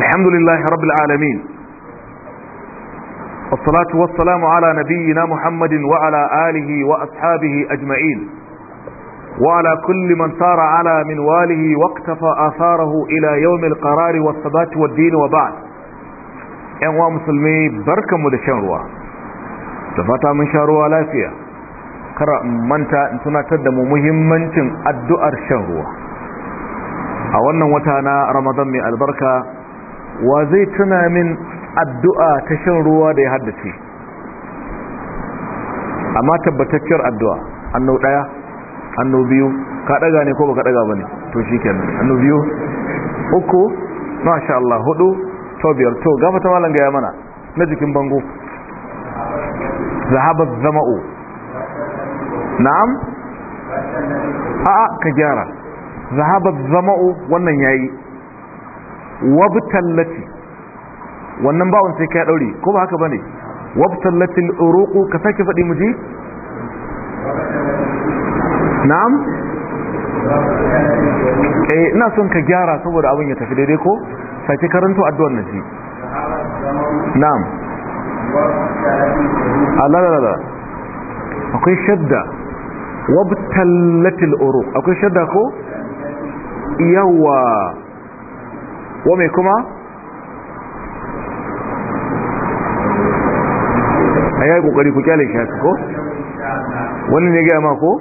الحمد لله رب العالمين والصلاة والسلام على نبينا محمد وعلى آله وأصحابه أجمعين وعلى كل من سار على منواله واقتفى آثاره إلى يوم القرار والثبات والدين وبعد ‘yanwa musulmi barkanmu da shan ruwa da mun sha ruwa lafiya kara manta in tunatar da mu muhimmancin addu'ar shan ruwa a wannan wata na ramadan mai albarka wa zai tuna min addu'a ta shan ruwa da ya haddace amma tabbatacciyar addu'a annu ɗaya annu biyu ka ɗaga ne ko ba ka ɗaga ba ne to shi kenan anno biyu uku masha Allah hudu to biyar to gafa ta malam gaya mana na jikin bango zahabar zama'u na'am a'a ka gyara zahabar zama'u wannan yayi wabtallati wannan bawon sai ka daure ko ba haka bane wabtallati al-uruqu ka sake fadi muji na'am eh ina son ka gyara saboda abin ya tafi daidai ko sake karanto addu'ar nan shi na'am Allah la la akwai shadda wabtallatil uruq akwai shadda ko yawa wa mai kuma a yi kokari ku kyale shi ko wannan ya gaya ma ko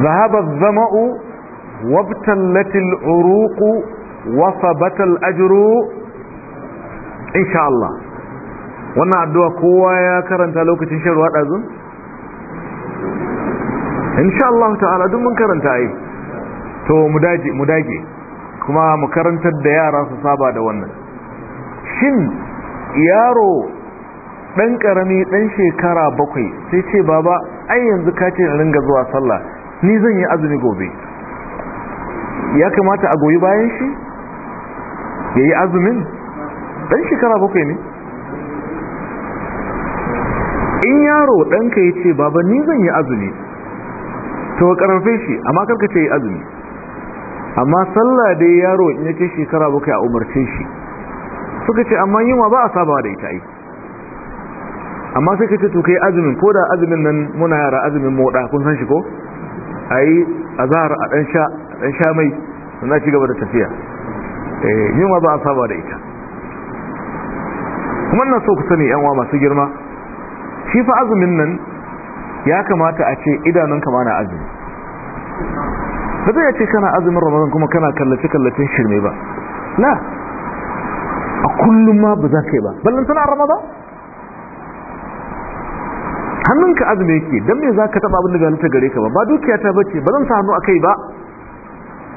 ذهب الظمأ وابتلت العروق وثبت الأجر إن شاء الله wannan addu'a kowa ya karanta lokacin shan ruwa ɗazun? insha Allah ta'ala duk mun karanta yi to mu dage kuma mu karantar da yara su saba da wannan shin yaro ɗan ƙarami ɗan shekara bakwai sai ce baba ai yanzu ka ce ringa zuwa sallah ni zan yi azumi gobe ya kamata a goyi bayan shi ya yi azumin ɗan shekara bakwai ne in yaro ɗanka ya ce baba ni zan yi azumi to ka shi amma karka ce yi azumi amma sallah dai yaro in ya ce shekara bakwai a umarce shi suka ce amma yunwa ba a saba da ita ai amma sai ce to azumin ko da azumin nan muna yara azumin moda kun san shi ko ayi a dan sha dan sha mai suna ci gaba da tafiya eh yunwa ba a saba da ita kuma na so ku sani yan wa masu girma shi fa azumin nan ya kamata a ce idanun kama na azumi ba zai ce kana azumin ramadan kuma kana kallace kallacen shirme ba Na. a kullum ma ba za ka yi ba ballon tana ramadan hannunka azumi yake don me za ka taɓa abin da ta gare ka ba ba dukiya ta bace ba zan sa hannu a kai ba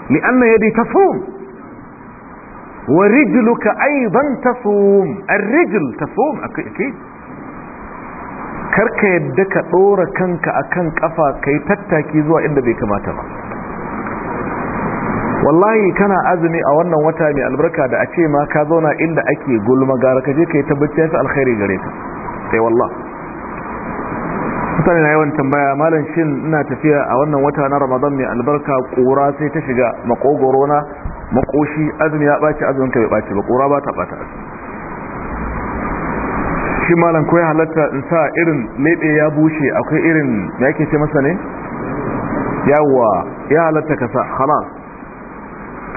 yadda ta tasum wa rijluka aidan tasum ar-rijl tasum akai karka yadda ka ɗora kanka akan kafa yi tattaki zuwa inda bai kamata ba wallahi kana azumi a wannan wata mai albarka da a ce ma ka zauna inda ake gulma gara ka je ka yi tabbaci fi alkhairi gare ka sai wallah mutane na yawan tambaya malam shin ina tafiya a wannan wata na ramadan mai albarka kura sai ta shiga makogoro na makoshi azumi ya ɓaci azumin ka bai ɓaci ba kura ba ta ɓata shi malam ko ya halatta in sa irin leɓe ya bushe akwai irin ya ke ce masa ne yawa ya halatta ka sa halas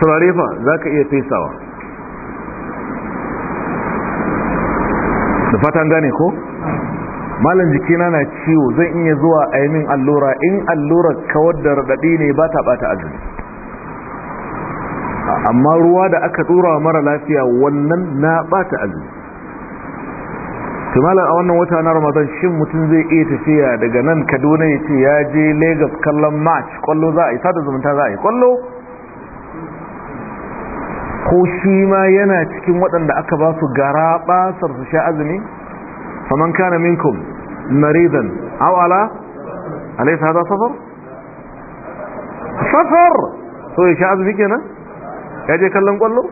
turare fa za ka iya fesawa da fatan gane ko malam jikina na ciwo zan iya zuwa a yi allura in allura kawar da raɗaɗi ne ba ta ɓata azumi amma ruwa da aka ɗora mara lafiya wannan na ɓata azumi tumala a wannan wata na ramadan shin mutum zai iya tafiya daga nan kaduna ya ce ya je lagos kallon march kwallo za a yi sada zumunta za a yi kwallo ko shi ma yana cikin waɗanda aka ba su gara basar su sha azumi faman kana minkum maridan awala ala alaysa hada safar safar so ya sha azumi kenan ya je kallon kwallo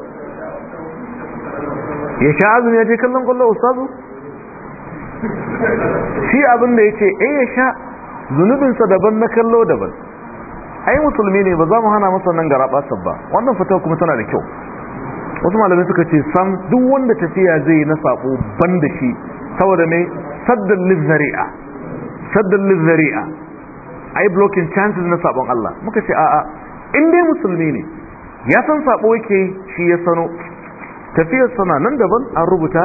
ya sha azumi ya je kallon kwallo ustazu shi abin da yace eh ya sha zunubinsa daban na kallo daban ai musulmi ne ba za mu hana masa nan gara basar ba wannan fita kuma tana da kyau wasu malamai suka ce san duk wanda tafiya zai na sako ban da shi saboda mai saddan lizari'a saddan lizari'a ai blocking chances na sabon Allah muka ce a'a in dai musulmi ne ya san sako yake shi ya sano tafiyar sana nan daban an rubuta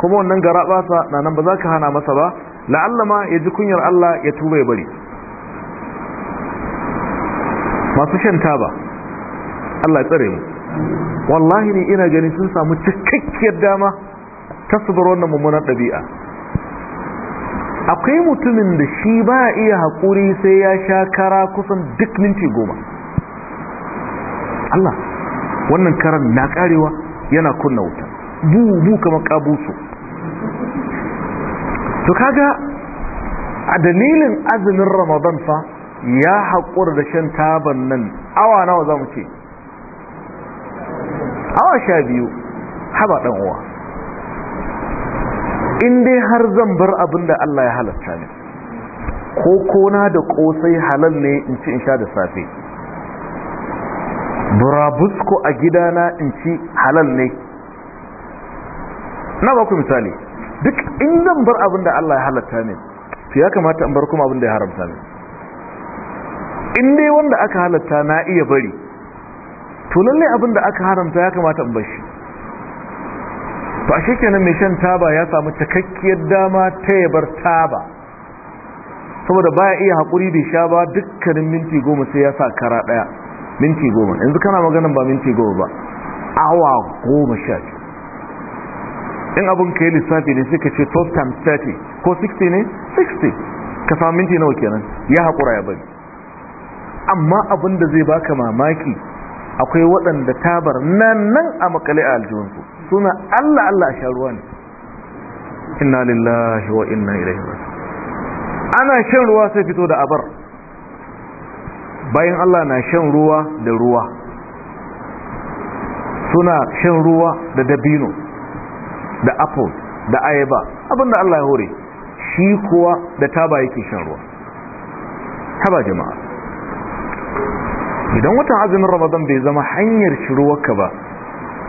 kuma wannan gara basa na nan ba za ka hana masa ba la'alla ma ya ji kunyar Allah ya tuba ya bari masu shan taba Allah ya tsare mu wallahi ne ina ganin sun samu cikakkiyar dama ta su wannan mummunan ɗabi'a akwai mutumin da shi ba iya haƙuri sai ya sha kara kusan duk minti goma Allah wannan karan na karewa yana kunna wuta bu kamar kabusu to kaga a dalilin azumin ramadan fa ya haƙura da shan taban nan awa nawa za mu ce awa sha biyu haba ɗan uwa in dai har zan bar abin da Allah ya halatta ne ko kona da kosai halal ne in ci in sha da safe burabusko a gidana in ci halal ne na ba ku misali duk in zan bar abin da Allah ya halatta ne to ya kamata in bar kuma abin da ya haramta ne in dai wanda aka halatta na iya bari to lalle abin da aka haramta ya kamata in bashi ba shi kenan mai shan taba ya samu cikakkiyar dama ta yabar taba saboda baya iya haƙuri bai sha ba dukkanin minti goma sai ya sa kara ɗaya minti goma yanzu kana maganin ba minti goma ba awa goma sha in abin ka yi lissafi ne sai ka ce 12 times 30 ko 60 ne 60 ka samu minti nawa kenan ya haƙura ya bari amma abin da zai baka mamaki akwai waɗanda tabar nan nan a makale a aljihunsu suna Allah Allah a sharuwa ne inna lillahi wa inna ilaihi raji'un ana shan ruwa sai fito da abar bayan Allah na shan ruwa da ruwa suna shan ruwa da dabino da apple da ayaba abinda Allah ya hore shi kuwa da taba yake shan ruwa taba jama'a idan watan azumin ramadan bai zama hanyar shiruwarka ba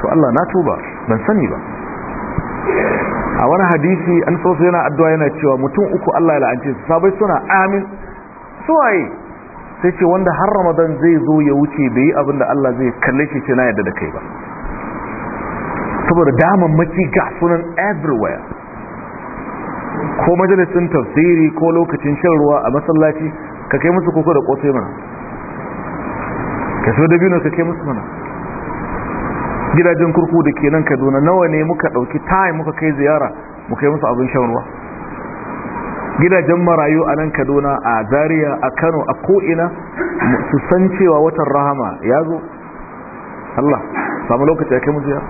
to Allah na tuba ban sani ba a wani hadisi an so yana addu'a yana cewa mutum uku Allah ya la'ance su sabai suna amin suwaye sai ce wanda har ramadan zai zo ya wuce bai yi abin da Allah zai kalle shi ce na yadda da kai ba saboda maki ga sunan everywhere ko majalisin tafsiri ko lokacin shan ruwa a masallaci ka kai musu koko da kosai mana ka so da biyu ka kai musu mana gidajen kurku da ke nan kaduna nawa ne muka ɗauki time muka kai ziyara mu kai musu abin shan ruwa gidajen marayu a nan kaduna a Zariya, a kano a ko'ina su san cewa watan rahama ya zo Allah samu lokaci a kai mu ziyara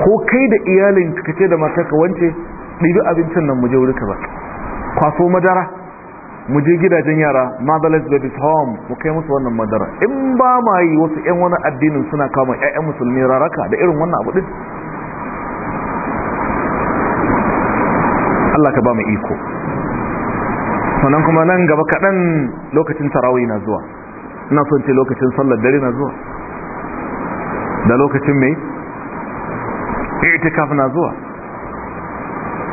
ko kai da iyalin kake da matarka wance ɗibi abincin nan mu je wuri ka ba kwaso madara mu je gidajen yara motherless babies home mu kai musu wannan madara in ba ma yi wasu yan wani addinin suna kama ƴaƴan musulmi raraka da irin wannan abu din Allah ka ba mu iko sannan kuma nan gaba kaɗan lokacin tarawih na zuwa ina son ce lokacin sallar dare na zuwa da lokacin mai itikaf na zuwa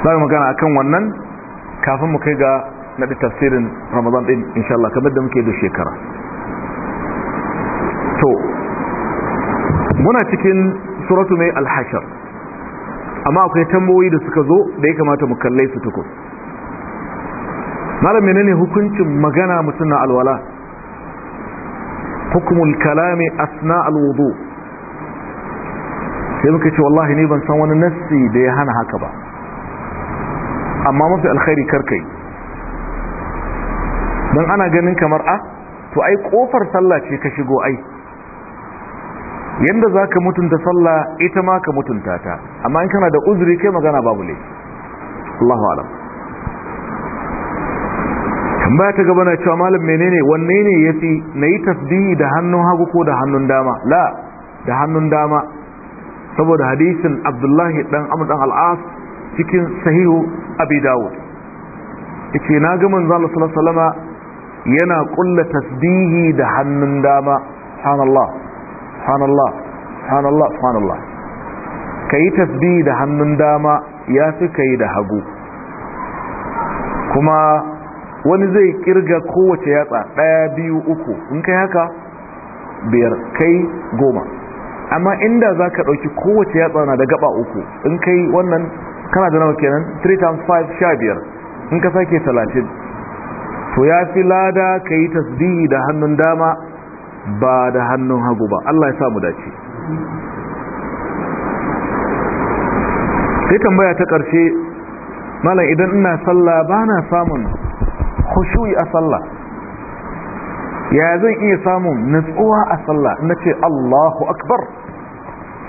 za mu magana akan wannan kafin mu kai ga na da tafsirin ramadan din insha Allah kamar da muke da shekara to muna cikin suratu mai alhashar amma akwai tambayoyi da suka zo da ya kamata mu kalle su tukun malam menene hukuncin magana mutum na alwala hukumul kalami asna alwudu sai muka ce wallahi ne ban san wani nassi da ya hana haka ba amma mafi alkhairi karkai don ana ganin kamar a ah, to ai kofar sallah ce ka shigo ai yanda za ka mutunta sallah ita ma ka mutunta ta amma in kana da uzuri kai magana babu ne Allahu alam tambaya ta gaba na cewa malam menene wanne ne ya fi na yi tasdi da hannun hagu ko da hannun dama la da hannun dama saboda hadisin Abdullahi dan Amr dan Al-As cikin sahihu Abi Dawud yace na ga manzo Allah sallallahu alaihi wasallama yana kulla tasbihi da hannun dama subhanallah subhanallah subhanallah subhanallah kai tasbihi da hannun dama ya fi kai da hagu kuma wani zai kirga kowace yatsa ɗaya biyu uku in kai haka biyar kai goma amma inda za ka ɗauki kowace yatsa na da gaba uku in kai wannan kana da nawa kenan 3 times 5 sha biyar in ka sake talatin to ya fi lada ka yi tasbihi da hannun dama ba da hannun hagu ba Allah ya sa mu dace sai tambaya ta ƙarshe malam idan ina sallah ba na samun khushu'i a sallah ya zan iya samun natsuwa a sallah na ce Allahu akbar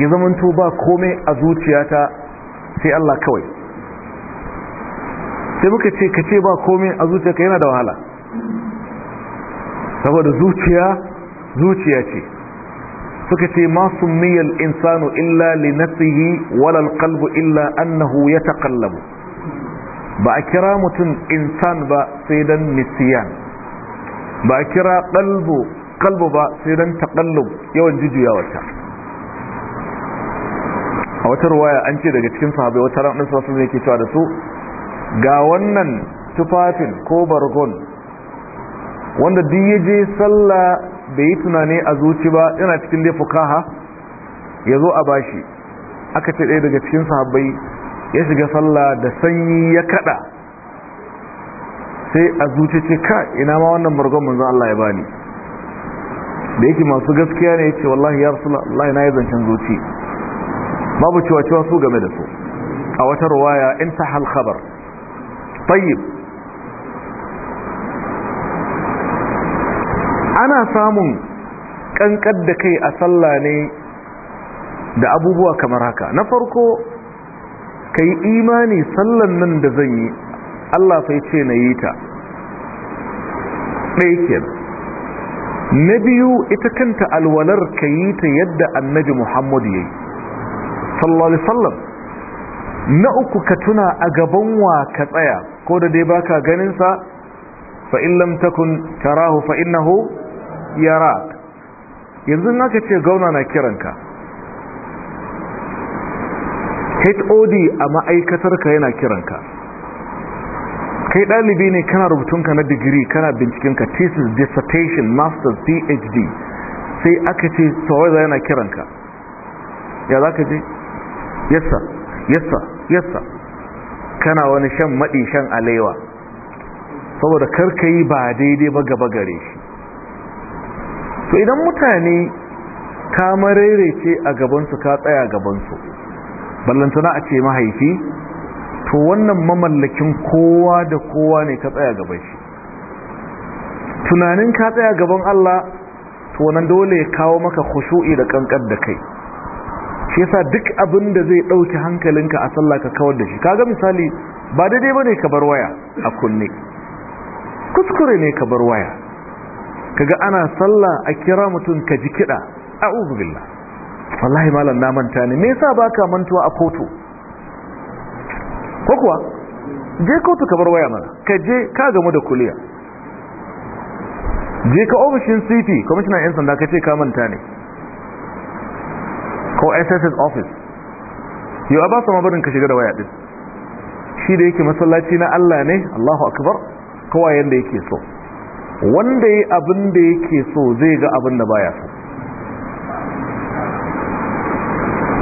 ya zamanto ba komai a zuciyata sai Allah kawai sai muka ce ka ce ba komai a zuciyarka yana da wahala saboda zuciya zuciya ce suka ce masu miyar insanu illa li nafsihi walal kalbu illa annahu ya takallabu ba a kira mutum insan ba sai dan nisiyan ba a kira kalbu ba sai dan taqallub yawan jujuyawa wata a wata ruwaya an ce daga cikin sahabai wata ranar sassan yake cewa da su ga wannan tufafin ko bargon wanda duk ya je sallah bai yi tunani a zuci ba yana cikin dai fukaha ya zo a bashi aka ce ɗaya daga cikin sahabbai ya shiga sallah da sanyi ya kada sai a zuci ce ka ina ma wannan bargon manzan Allah ya bani da yake masu gaskiya ne ce wallahi ya na yi zancen zuci babu cewa cewa su game da su a wata ruwaya ta halkabar tayyib ana samun ƙanƙar da kai a sallah ne da abubuwa kamar haka na farko ka yi imani sallar nan da zan yi Allah sai ce na yi ta na biyu ita kanta alwalar ka yi ta yadda annabi Muhammad ya yi sallallahu sallam na uku ka tuna a gaban wa ka tsaya ko da dai baka ganin sa fa in lam takun tarahu fa innahu yarak yanzu naka ce gauna na kiranka HOD a ma'aikatarka yana kiranka kai ɗalibi ne kana rubutunka na digiri kana binciken ka, thesis dissertation masters phd sai aka ce tsawaza yana kiranka ya za ka je yassa yassa yassa kana wani shan maɗi shan alewa saboda karka yi ba daidai ba gaba gare shi to idan mutane ka ce a gabansu ka tsaya gabansu ballantana a ce mahaifi to wannan mamallakin kowa da kowa ne ka tsaya gaban shi tunanin ka tsaya gaban Allah to wannan dole ya kawo maka khushu'i da kankar da kai shi yasa duk abin da zai ɗauki hankalinka a sallah ka kawar da shi kaga misali ba daidai bane ka bar waya a kunne kuskure ne ka bar waya kaga ana sallah a kira mutum ka ji kiɗa a'udhu billah wallahi malam na manta ne me yasa baka mantuwa a kotu ko kuwa je kotu ka bar waya mana ka je ka gamu da kuliya je ka ofishin city commissioner yan sanda ka ce ka manta ne ko sss office yau ba su mabarin ka shiga da waya din shi da yake masallaci na allah ne allahu akbar kowa yadda yake so wanda ya abin da yake so zai ga abin da baya so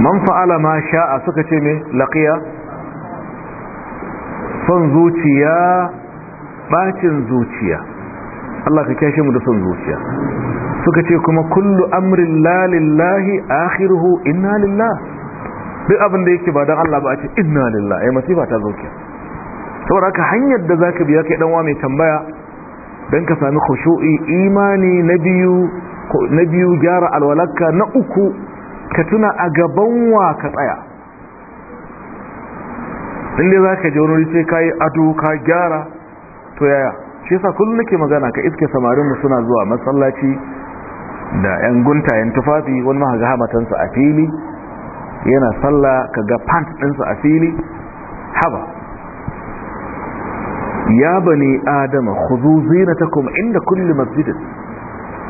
man fa'ala ma sha'a suka ce me laqiya son zuciya bacin zuciya Allah ka kyashe mu da son zuciya suka ce kuma kullu amrin lalillahi akhiruhu inna lillah duk abin da yake ba dan Allah ba a ce inna lillah ai eh, masifa ta zo ke saboda haka hanyar da zaka biya kai dan wa mai tambaya dan ka sami khushu'i imani na biyu na gyara alwalaka na uku ka tuna a gaban wa ka tsaya inda za ka je wani sai ka yi ado ka gyara to yaya shi yasa kullum nake magana ka iske samarinmu suna zuwa masallaci da yan guntayen tufafi wani maka gaha hamatansa a fili yana sallah ka ga pant ɗinsa a fili haba ya bane adama ku ta kuma inda kulli masjidin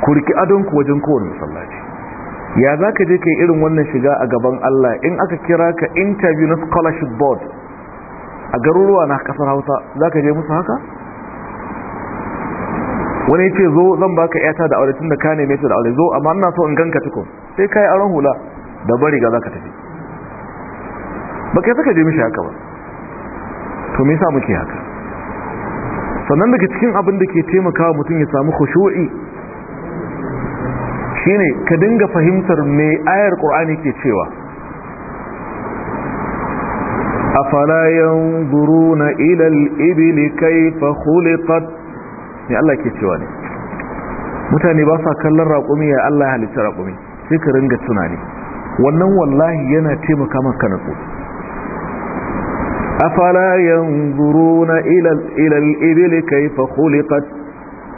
ku riki adonku wajen kowane masallaci ya za ka je ka yi irin wannan shiga a gaban Allah in aka kira ka interview na scholarship board a garuruwa na ƙasar hausa za ka je musu haka wani ya ce zo zan baka yata da aure tun da ka neme ta da aure zo amma ina so in ganka tukun sai ka yi auren hula da bari ga za ka tafi ba kai saka je mishi haka ba to me yasa muke haka sannan daga cikin abin da ke taimakawa mutum ya samu khushu'i shine ka dinga fahimtar me ayar qur'ani ke cewa afala yanzuruna ila al-ibli kayfa khuliqat ne Allah ke cewa ne mutane ba sa kallon raƙumi ya Allah ya halitta raƙumi sai ka ringa tunani wannan wallahi yana taimaka maka tsoro afala yanzuruna ila ila al-ibil kayfa khuliqat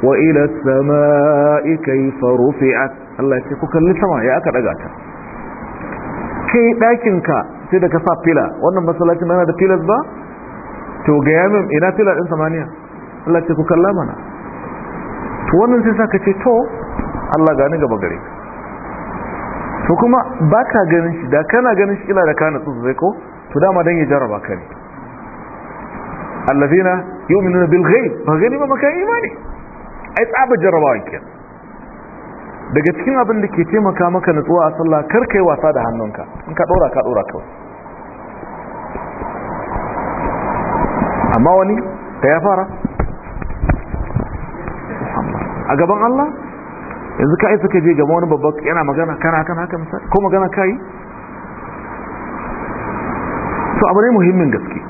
wa ila as-samaa'i kayfa rufi'at Allah ya ce ku kalli sama ya aka daga ta kai dakin ka sai da ka sa fila wannan masallacin yana da filas ba to ga yamin ina fila din samaniya Allah ya ce ku kalla mana to wannan sai saka ce to Allah gani gaba gare to kuma ba ka ganin shi da kana ganin shi ila da kana tsutsu zai ko to dama dan ya jaraba ka ne allazina yu'minuna bil ghaib ba gani ba maka imani ai tsaba jarrabawa kenan daga cikin abin da ke taimaka maka nutsuwa a sallah kar kai wasa da hannunka in ka dora ka dora kawai amma wani da ya fara a gaban Allah yanzu ka isa ka je gaban wani babba yana magana kana kan haka misali ko magana kai to abu ne muhimmin gaske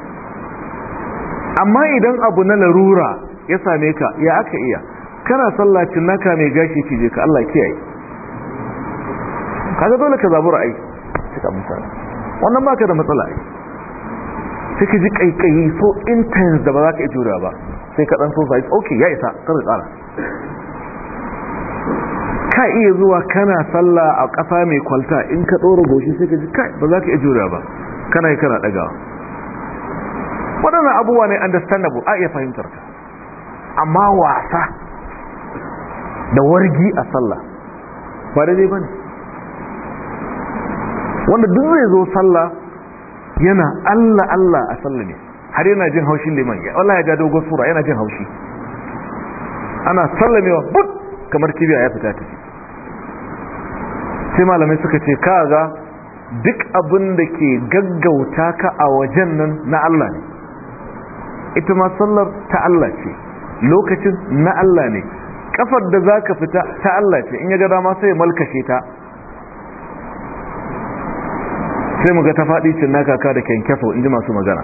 amma idan abu na larura ya same ka ya aka iya kana sallacin naka mai gashi cije ka Allah kiyaye kaga dole ka zabura ai ka misali wannan baka da matsala ai sai ka ji kaikayi so intense da ba za ka ijura ba sai ka dan so sai okay ya isa kar ka tsara ka iya zuwa kana sallah a ƙasa mai kwalta in ka ɗora goshi sai ka ji kai ba za ka iya jura ba kana yi kana ɗagawa waɗannan abubuwa ne understandable a iya fahimtar ka amma wasa da wargi a sallah ba daidai ba ne wanda duk zai zo sallah yana allah allah a sallah ne har yana jin haushin liman ya wala ya ga dogon sura yana jin haushi ana sallamewa but kamar kibiya ya fita ce. sai malamai suka ce kaga duk abin da ke gaggauta ka a wajen nan na Allah ne ita ma sallar ta Allah ce lokacin na Allah ne kafar da za ka fita ta Allah ce in ya gada ma sai malkashe ta sai muga ta faɗi cin na kaka da kyankyaso in ji masu magana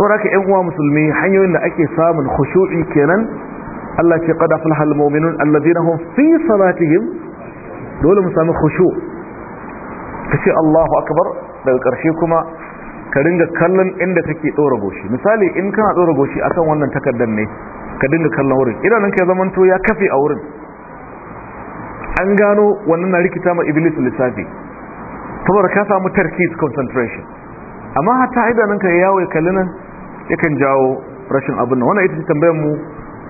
haka 'yan uwa musulmi hanyoyin da ake samun hushu'i kenan Allah ce qad aflaha almu'minun alladhina hum fi salatihim dole mu sami khushu kace Allahu akbar daga karshe kuma ka dinga kallon inda kake dora goshi misali in kana dora goshi akan wannan takardar ne ka dinga kallon wurin idanun ka zaman to ya kafe a wurin an gano wannan na rikita ma iblis lissafi saboda ka samu tarkis concentration amma hatta idanun ka yawo ya kalli yakan jawo rashin abin wannan ita ce tambayar mu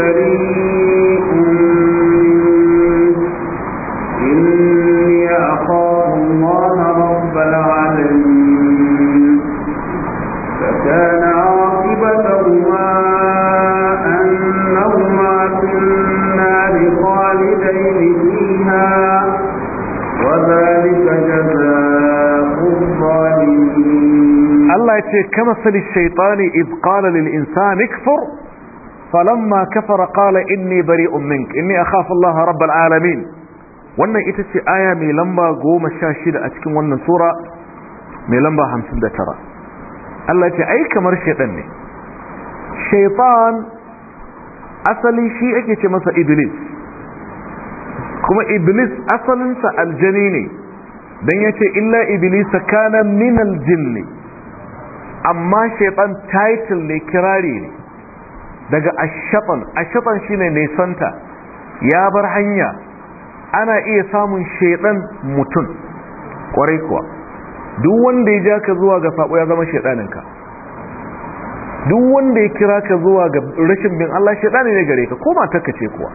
بريء إني الله فكان عاقبتهما أنهما وذلك جزاء الله الشيطان إذ قال للإنسان اكفر falamma kafara qala inni bari'un mink inni akhafu Allah rabbal alamin wannan ita ce aya mai lamba 16 a cikin wannan sura mai lamba 59 Allah ce ai kamar shedan ne shaytan asali shi ake ce masa iblis kuma iblis asalinsa aljani ne dan yace illa iblis kana min aljinn amma shaytan title ne kirari ne daga ashatan ashatan shine ne santa ya bar hanya ana iya samun shedan mutum kwarai kuwa duk wanda ya ja ka zuwa ga faɓo ya zama shedaninka duk wanda ya kira ka zuwa ga rashin bin Allah shedani ne gare ka ko matarka ce kuwa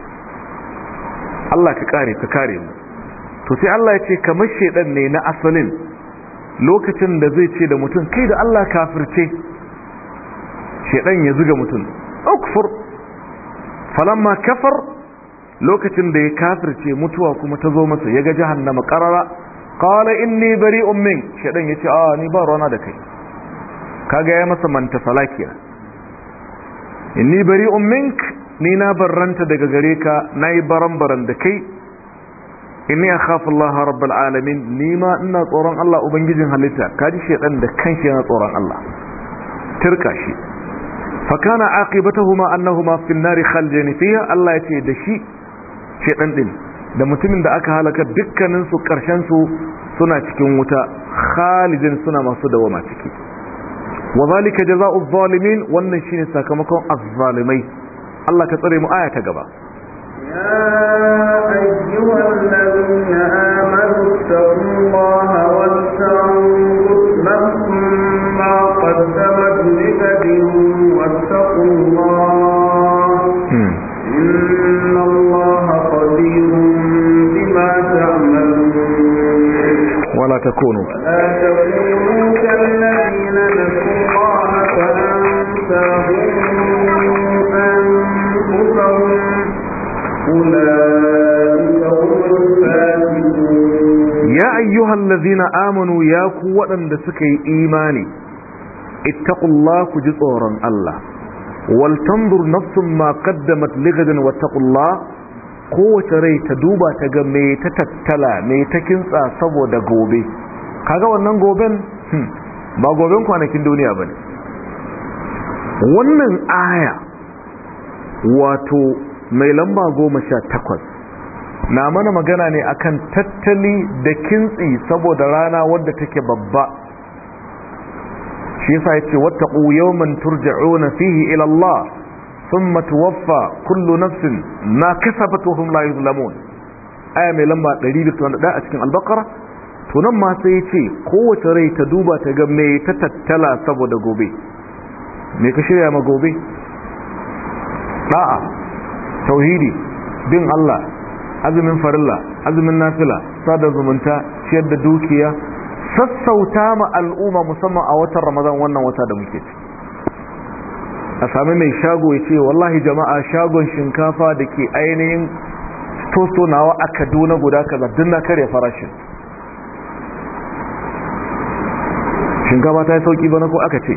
Allah ka kare ka kare mu to sai Allah ya ce kamar shedan ne na asalin lokacin da zai ce da mutum kai da Allah kafirce shedan ya zuga mutum ukfur falamma kafar lokacin da ya kafirce mutuwa kuma ta zo masa ya ga jahannama qarara qala inni bari'un min shedan yace a ni ba rana da kai ka kaga ya masa manta falakiya inni bari'un mink ni na barranta daga gare ka nayi baran-baran da kai inni akhafu Allah rabbul alamin ni ma ina tsoron Allah ubangijin halitta kaji shedan da kanshi yana tsoron Allah tirka shi فكان عاقبتهما أنهما في النار خلجين فيها الله da shi شيطان دين da mutumin da aka halaka dukkaninsu su, suna cikin wuta khalidin suna masu dawama ciki wa zalika jazaa'u adh-dhalimin wannan shine sakamakon adh-dhalimai Allah ka tsare mu aya ta gaba ya ayyuhallazina amanu taqullaha wa تكونوا يا أيها الذين آمنوا يا قوة لندسك إيماني اتقوا الله جزورا الله ولتنظر نفس ما قدمت لغدا واتقوا الله قوة ريت دوبة ميتتتلا ميتكنسا صبو دقوبه kaga wannan goben hmm, ba goben kwanakin duniya ba ne wannan aya wato mai lamba goma sha takwas na mana magana ne akan tattali da kintsi saboda rana wadda take babba shi yasa yace wattaqu yawman turja'una fihi ila sun matuwaffa tuwaffa kullu nafsin na kasabat wa hum aya mai lamba 200 a cikin albakar? tunan ma sai ce kowace rai ta duba ta ga ta tattala saboda gobe me ka shirya ma gobe da'a tauhidi bin Allah azumin farilla azumin nafila sadar zumunta ciyar da dukiya sassauta ma al'umma musamman a watan ramadan wannan wata da muke ci a sami mai shago ya ce wallahi jama'a shagon shinkafa da ke ainihin tostonawa a kaduna guda kaza duk na karya farashin shinkafa ta yi sauki bana ko aka ce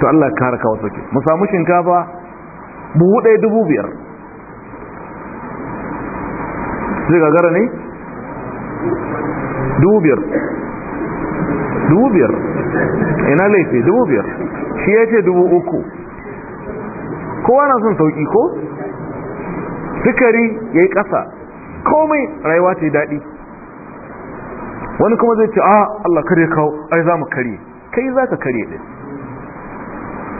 to Allah ka haraka kawo sauki mu samu shinkafa buhu ɗaya dubu biyar zai gagara ne? dubu biyar dubu biyar ina laifi dubu biyar shi ya ce dubu uku kowa na son sauki ko? sukari ya yi ƙasa komai rayuwa ce daɗi wani kuma zai ce a ah, Allah kare kawo ai za mu kare kai za ka kare ɗin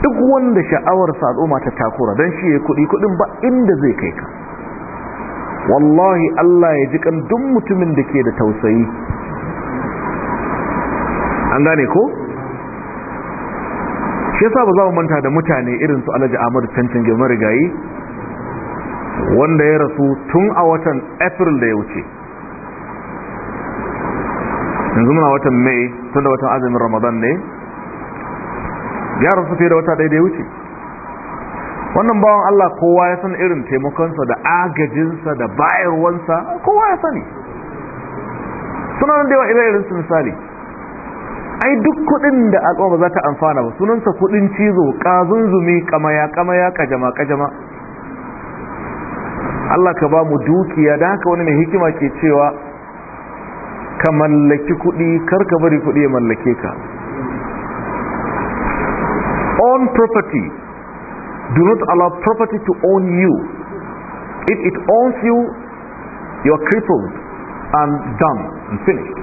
duk wanda sha'awar sa ta takura don shi ya kuɗi kuɗin ba inda zai kai ka wallahi Allah ya ji kan duk mutumin da ke da tausayi an gane ko shi yasa ba za mu manta da mutane irin su Alhaji amur Tantan Gemar Rigayi wanda ya rasu tun a watan April da ya wuce yanzu muna watan mai tun da watan azumin ramadan ne ya su fiye da wata ɗaya da ya wuce wannan bawan Allah kowa ya san irin taimakonsa da agajinsa da bayarwansa kowa ya sani suna da yawa irin su misali ai duk kuɗin da al'umma za ta amfana ba sunansa kuɗin cizo kazunzumi kamaya kamaya kajama kajama Allah ka ba mu dukiya da haka wani mai hikima ke cewa ka mallaki kuɗi karka bari kuɗi ya mallake ka own property do not allow property to own you if it owns you you are crippled and done and finished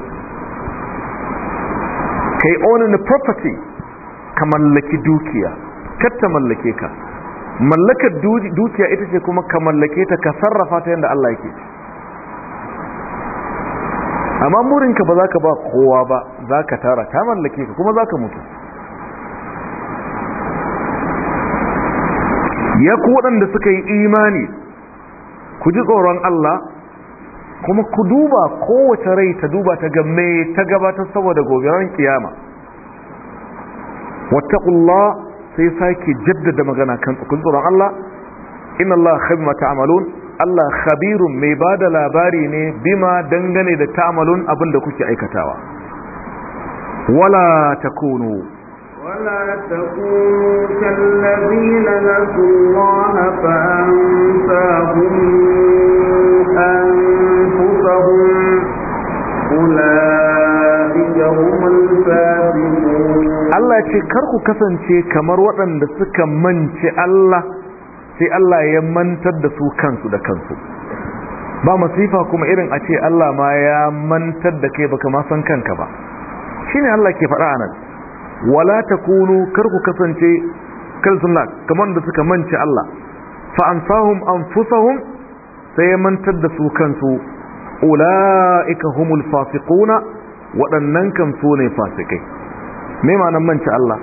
ka yi owning a property ka mallaki dukiya katta mallake ka mallakar dukiya ita ce kuma ka mallake ta ka sarrafa ta yadda Allah yake ce amma murinka ba za ka ba kowa ba za ka tara ta mallake ka kuma za ka mutu ya ku waɗanda suka yi imani ku ji tsoron Allah kuma ku duba kowace rai ta duba ta game, ta gabatar saboda gobiran kiyama ƙulla sai sake jaddada magana kan tsoron Allah inna Allah mata amalun Allah khabirun mai ba da labari ne bima dangane da tamalun abin da kuke aikatawa. Wala ta kunu. Wala ta kunu tallabi na nasuwa na fa’anta hun ɗanfusa hun kula iya hun Allah ce, Kar ku kasance kamar waɗanda suka mance Allah sai Allah ya mantar da su kansu da kansu ba masifa kuma irin a ce Allah ma ya mantar da kai baka ma san kanka ba shine Allah ke faɗa anan wala takunu kar ku kasance kalsunna kamar da suka mance Allah fa ansahum anfusahum sai ya mantar da su kansu ulaika humul fasiquna waɗannan kan su ne fasikai me ma'anar mance Allah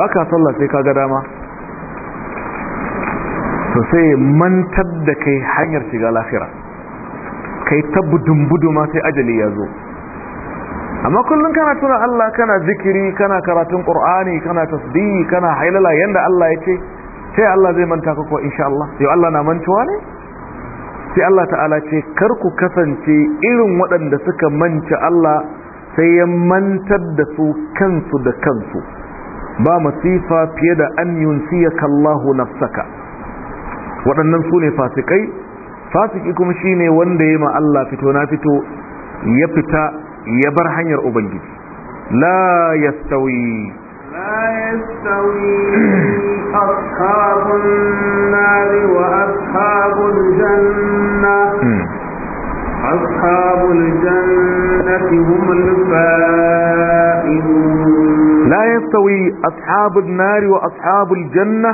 ba ka sallah sai ka ga dama Sosai sai mantar da kai hanyar shiga lafira kai ta budu-budu ma sai ajali ya zo amma kullum kana tuna Allah kana zikiri kana karatun qur'ani kana tasbihi kana hailala yadda Allah ya ce sai Allah zai manta ka ko insha Allah sai Allah na mantuwa ne sai Allah ta'ala ce kar ku kasance irin waɗanda suka manta Allah sai ya mantar da su kansu da kansu ba masifa fiye da an kallahu na nafsaka waɗannan su ne fasikai fasiki kuma shine wanda ya ma Allah fito na fito ya fita ya bar hanyar ubangiji la ashabun Nari wa ashabun Janna. Ashabun Janna أصحاب الجنة هم الفائزون لا ashabun Nari wa ashabun Janna.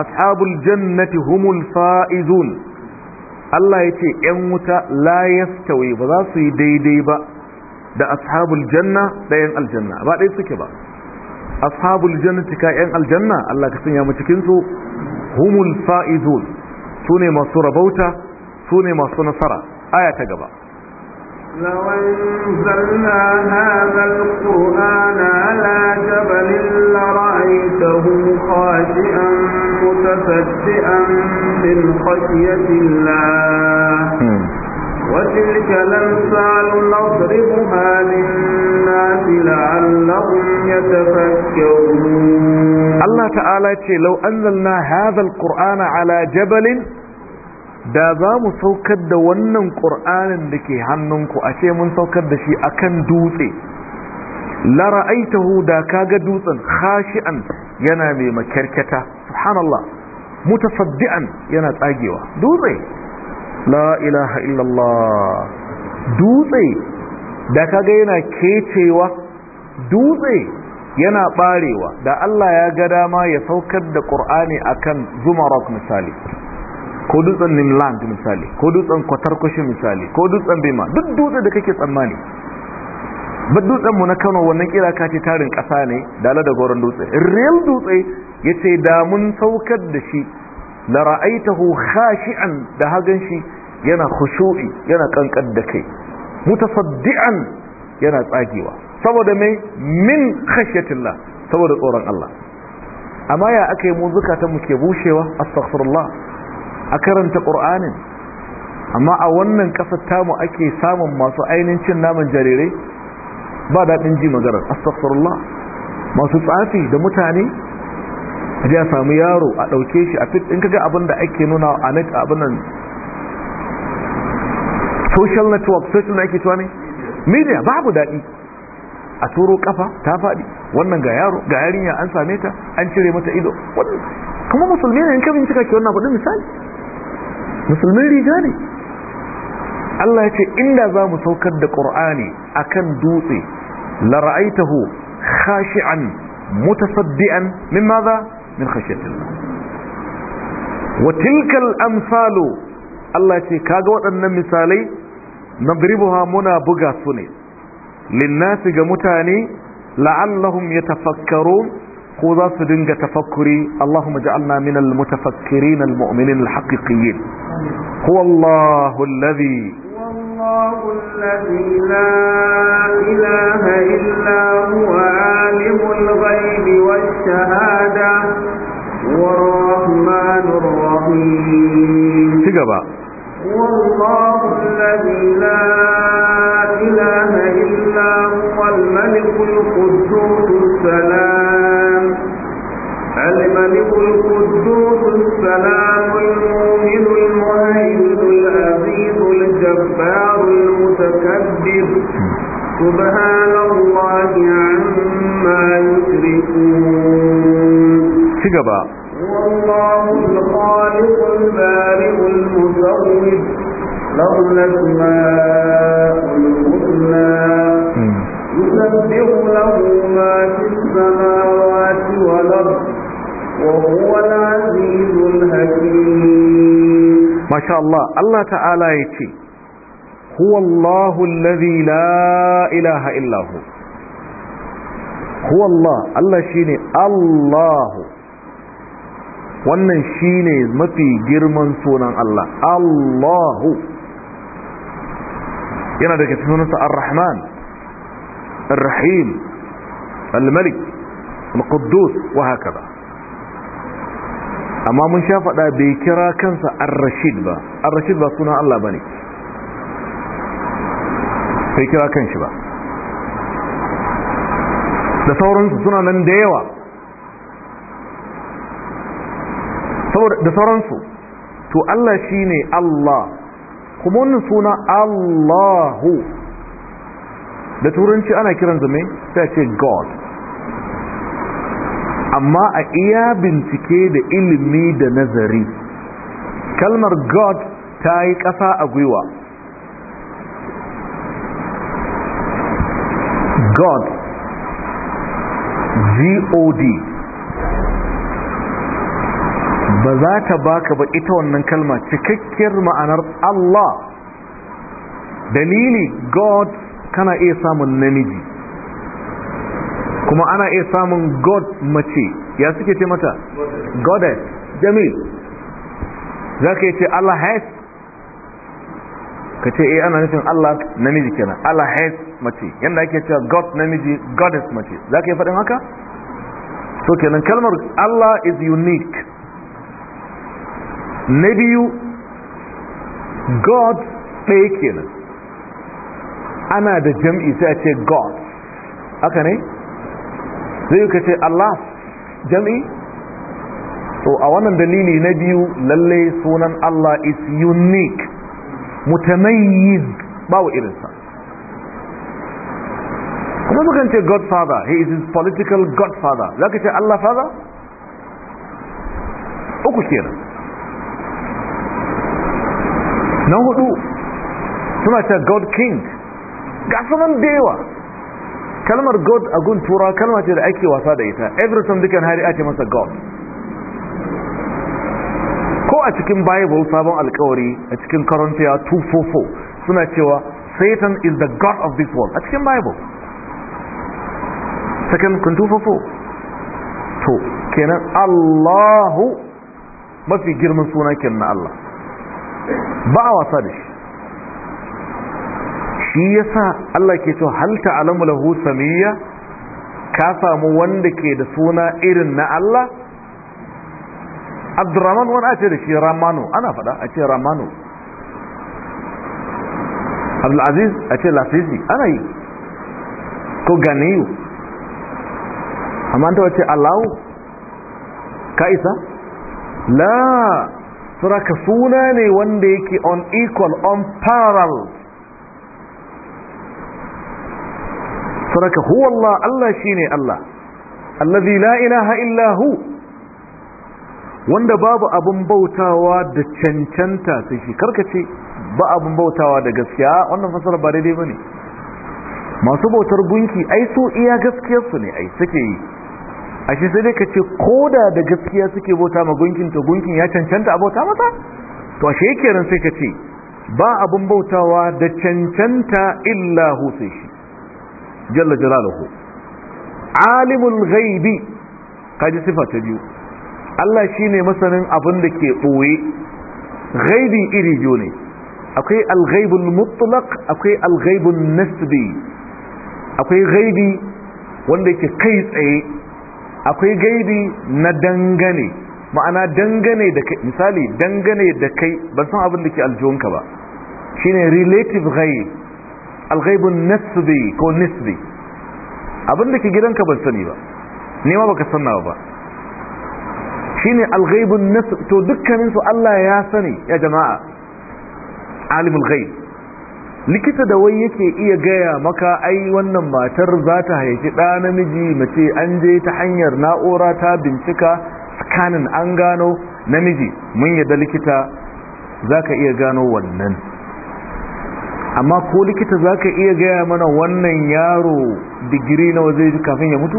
ashabul jannati humul fa'izun Allah ya ce ‘yan wuta la yastawi ba za su yi daidai ba da ashabul janna da ‘yan aljanna ba ɗaya suke ba ashabul jannati cika ‘yan aljanna Allah ka sanya ma cikinsu humul fa'izun su ne masu rabauta su ne masu nasara aya ta gaba لو أنزلنا هذا القرآن على جبل لرأيته خاشئا من خشية الله وتلك نضربها للناس لعلهم يتفكرون الله تعالى لو أنزلنا هذا القرآن على جبل da za mu saukar da wannan ƙur'anin da ke hannunku a ce mun saukar da shi akan dutse lara aitahu da kaga dutsen hashi'an yana mai makyarkyata subhanallah mutafaddi'an yana tsagewa dutse la ilaha illallah dutse da kaga yana kecewa dutse yana barewa da Allah ya ga dama ya saukar da ƙur'ani akan zumarok misali ko dutsen nimland misali ko dutsen kwatarkwashi misali ko dutsen Bima duk dutsen da kake tsammani ba mu na kano wannan kira ka ce tarin ƙasa ne dala da goron dutse real dutse ya ce da mun saukar da shi la ra'aitahu khashi'an da hagan shi yana khushu'i yana kankan da kai mutasaddi'an yana tsagewa saboda mai min khashyatillah saboda tsoron Allah amma ya aka yi mu zukatan mu ke bushewa astaghfirullah a karanta ƙur'anin amma a wannan ƙasar tamu ake samun masu ainihin cin naman jarirai ba daɗin ji maganar astagfirullah masu tsafi da mutane a a samu yaro a ɗauke shi a fit in kaga abin da ake nuna a net abin nan social network social network ake tuwa ne media babu daɗi a turo kafa ta faɗi wannan ga yaro ga yarinya an same ta an cire mata ido kuma musulmi ne in kamin cika ke wannan abin misali musulmin riga ne Allah ya ce inda za mu saukar da ƙur'ani a kan dutse lara'aitahu khashi'an mutasaddi'an min maza min khashiyatillah wa amsalu Allah ce kaga waɗannan misalai nadribuha muna buga su ne linnasi ga mutane la'allahum tafakkaru خذا سدنك تفكري اللهم اجعلنا من المتفكرين المؤمنين الحقيقيين هو الله الذي هو الله الذي لا إله إلا هو القدوس السلام المؤمن المهيمن العزيز الجبار المتكبر سبحان الله عما يشركون شكرا والله الخالق البارئ المصور له الأسماء Allah Allah ta'ala ya ce huwallahu allazi la ilaha illahu huwallah Allah shine Allahu wannan shine mafi girman sunan Allah Allahu yana daga cikin sunansa Ar-Rahman Ar-Rahim Al-Malik Al-Quddus wa hakaza amma mun sha faɗa bai kira kansa ar-rashid ba ar-rashid ba suna Allah bane bai kira kanshi ba da sauransu suna nan da yawa da sauransu to Allah shine Allah kuma wannan suna Allahu da turanci ana kiransa mai sai ce God amma a iya bincike da ilimi da nazari kalmar god ta yi ƙasa a gwiwa god god ba za ta baka ba ita wannan kalma cikakkiyar ma'anar allah dalili god kana iya samun namiji kuma ana iya samun god mace ya suke ce mata goddess jamil za ka yi ce allah has ka ce eh ana nufin allah namiji kenan allah has mace yadda ake cewa god namiji goddess mace za ka yi faɗin haka so kenan kalmar allah is unique na biyu god ɗaya kenan ana da jam'i sai a ce god aka ne zai ka ce Allah Jami. to a wannan dalili na biyu lalle sunan Allah is unique mutamayyiz bawo irinsa kuma mukan ce godfather he is his political godfather za ka ce Allah father uku kenan na hudu suna ce god king ga sunan da kalmar god a gun tura kalma ce da ake wasa da ita time dukkan hari ake masa god ko a cikin bible sabon alkawari a cikin korintiya 244 suna cewa satan is the god of this world a cikin bible cikin kun 244 to kenan allahu mafi girman suna kenan Allah ba a wasa da shi shi yasa Allah ke cewa hal ta'lamu lahu samiyya ka samu wanda ke da suna irin na Allah Abdurrahman wani a ce da shi Ramanu ana faɗa a ce Ramanu Abdulaziz a ce Lafizi ana yi ko Ganiyu amma ta wace Allahu ka isa la suraka suna ne wanda yake on equal on parallel ashraka huwa Allah Allah shine Allah allazi la ilaha illa hu wanda babu abun bautawa da cancanta sai shi karkace ba abun bautawa da gaskiya wannan fasara ba daidai bane masu bautar gunki ai so iya gaskiyar su ne ai suke yi ashe sai dai ka ce koda da gaskiya suke bauta ma gunkin to gunkin ya cancanta a bauta masa to ashe kenan sai ka ce ba abun bautawa da cancanta illa hu sai shi jalla jalaluhu alimul ghaibi kaji sifa ta biyu Allah shine masanin abin da ke ɓoye ghaibi iri biyu ne akwai alghaibul mutlaq akwai alghaibul nasbi akwai ghaibi wanda ke kai tsaye akwai gaibi na dangane ma'ana dangane da kai misali dangane da kai ban san abin da ke aljihunka ba shine relative ghaib alghaibun nisbi ko nisbi abin da ke gidanka ban sani ba nema baka sanna ba shine alghaibun nisbi to dukkanin su Allah ya sani ya jama'a alimul ghaib likita da wai yake iya gaya maka ai wannan matar za ta haifi ɗa namiji mace an je ta hanyar na'ura ta bincika scanning an gano namiji mun yadda likita za ka iya gano wannan amma ko likita za ka iya gaya mana wannan yaro digiri na zai ji kafin ya mutu?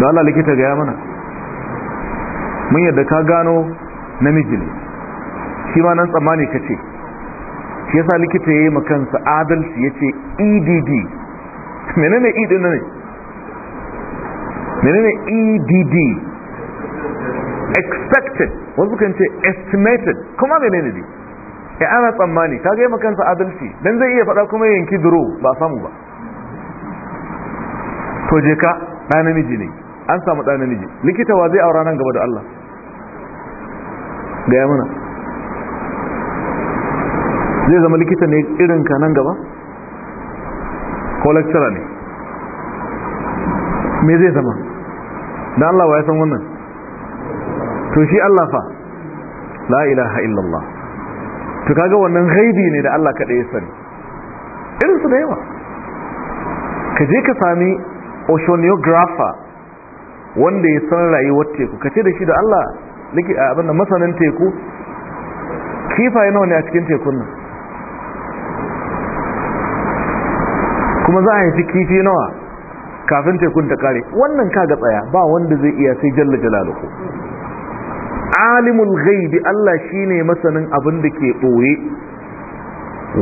da Allah likita gaya mana mun yadda ka gano namiji ne shi ma nan tsammani ka ce shi yasa likita ya yi makansa adalci ya ce edd menene edd ne menene edd expected wasu kan ce estimated kuma menene ne ya eh, ana tsammani ka yi makansa adalci don zai iya faɗa kuma yanki duro ba samu ba to je ka ɗa namiji ne an samu ɗa namiji likita wa zai aura nan gaba da Allah gaya mana zai zama likita ne irin ka nan gaba ko lecturer ne me zai zama dan Allah wa ya san wannan to shi Allah fa la ilaha illallah to kaga wannan haidi ne da Allah kaɗai ya sani irin su da yawa ka je ka sami oceanographer wanda ya san rayuwar teku ka ce da shi da Allah liki a abin masanin teku kifaye nawa ne a cikin tekun nan kuma za a yi ci kifi nawa kafin tekun ta kare wannan kaga tsaya ba wanda zai iya sai jalla jalaluku alimul ghaibi Allah shine masanin abin da ke ɓoye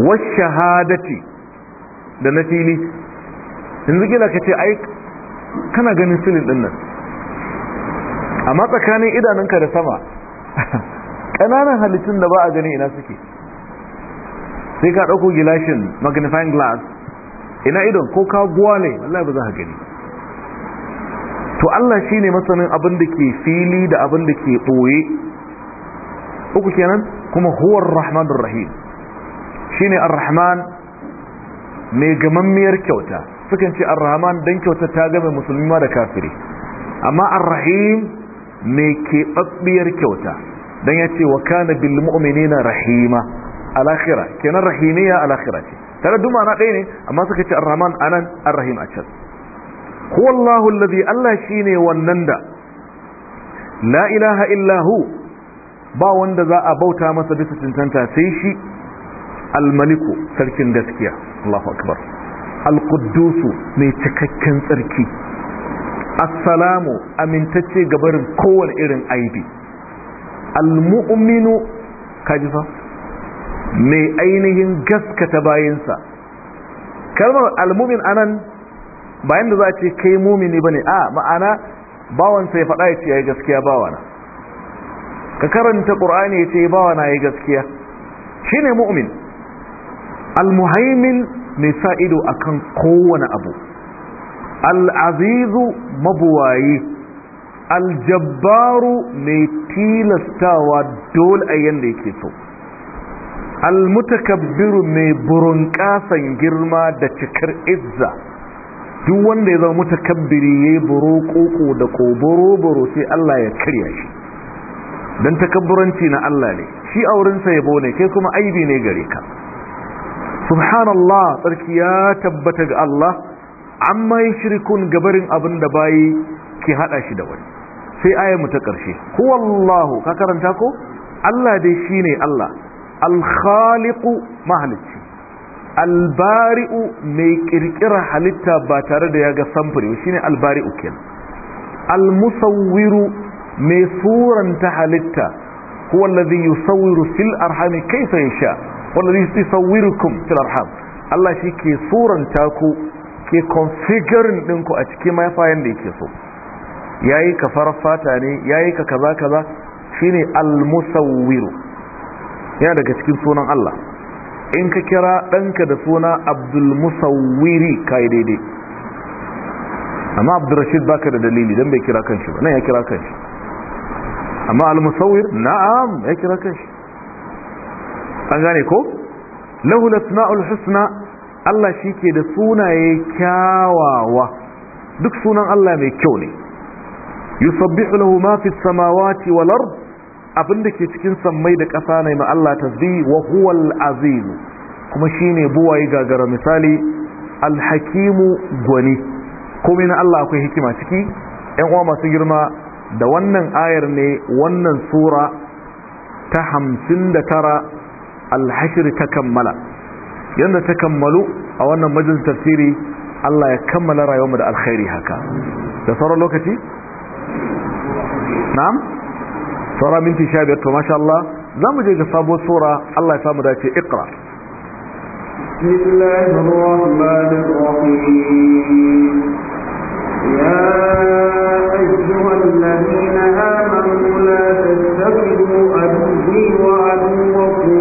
wasu shahadati da na fili yanzu gila ka ce ai kana ganin filin ɗin nan amma tsakanin idanunka da sama ƙananan halittun da ba a gani ina suke sai ka ɗauko gilashin magnifying glass ina idon ko ka gwale wallahi ba za ka gani to Allah shi ne masanin abin da ke fili da abin da ke ɓoye uku kenan kuma huwar rahman rahim shi ne rahman mai gamammiyar kyauta sukan ce an rahman don kyauta ta game musulmi ma da kafiri amma an rahim mai keɓaɓɓiyar kyauta don ya ce wa kana bil na rahima alakhira kenan rahimiyya alakhira ce tare duma na ɗaya ne amma suka ce an rahman anan an rahim a can huwa Allahu allazi Allah shine wannan da la ilaha illa hu ba wanda za a bauta masa bisa cancanta sai shi almaliku sarkin gaskiya Allahu akbar alquddus mai cikakken sarki. assalamu amintacce ga barin kowane irin aibi almu'minu kaji fa mai ainihin gaskata bayinsa kalmar almumin anan ba yanda za a ce kai mumini bane a ma'ana bawan sai faɗa ya ce yayi gaskiya bawana ka karanta ƙur'ani ya ce bawana yi gaskiya shine mu'min al-muhaimin mai sa ido a kan kowane abu al-azizu aljabbaru mai tilastawa dole a yanda yake so al mai burunƙasan girma da cikar izza duk wanda ya zama mutakabbiri yayi burokoko da koboroboro sai Allah ya karya shi dan takabburanci na Allah ne shi wurin sa ya ne kai kuma aibi ne gare ka subhanallah tsarki ya tabbata ga Allah amma yushrikun gabarin abin da bayi ke hada shi da wani sai aya mu ta karshe wallahu, ka karanta ko Allah dai shine Allah al-khaliqu mahlik albari'u mai kirkira halitta ba tare da ya ga samfuri shine albari'u kenan almusawwiru mai suranta halitta huwa yi yusawwiru fil arhami kayfa sha. wallazi kum fil arham Allah shi ke suranta ku ke configuring ɗinku a cikin mafayan da yake so Ya yi ka fara fata ne ya yi ka kaza kaza shine almusawwiru yana daga cikin sunan Allah in ka kira ɗanka da suna abdulmusawiri ka yi daidai amma abdulrashid baka da dalili don bai kira kan shi ba nan ya kira kan shi, amma almusawir na'am ya kira kan shi. an gane ko lahu na'ul husna Allah shi ke da sunaye kyawawa duk sunan Allah mai kyau ne yusabbihu lahu ma fi samawati wal ard abin da ke cikin sammai da ƙasa ne ma Allah tasbihi wa huwal azim. kuma shine buwaye gagara misali alhakimu gwani komai na Allah akwai hikima ciki 'yan'uwa uwa masu girma da wannan ayar ne wannan sura ta hamsin da tara alhashir ta kammala yadda ta kammalu a wannan majalis tafsiri Allah ya kammala rayuwarmu da alkhairi haka da sauran lokaci na'am saura minti sha biyar to masha Allah za mu je ga sabuwar sura Allah ya samu dace ikra بسم الله الرحمن الرحيم يا أيها الذين آمنوا لا تتخذوا عدوي وعدوكم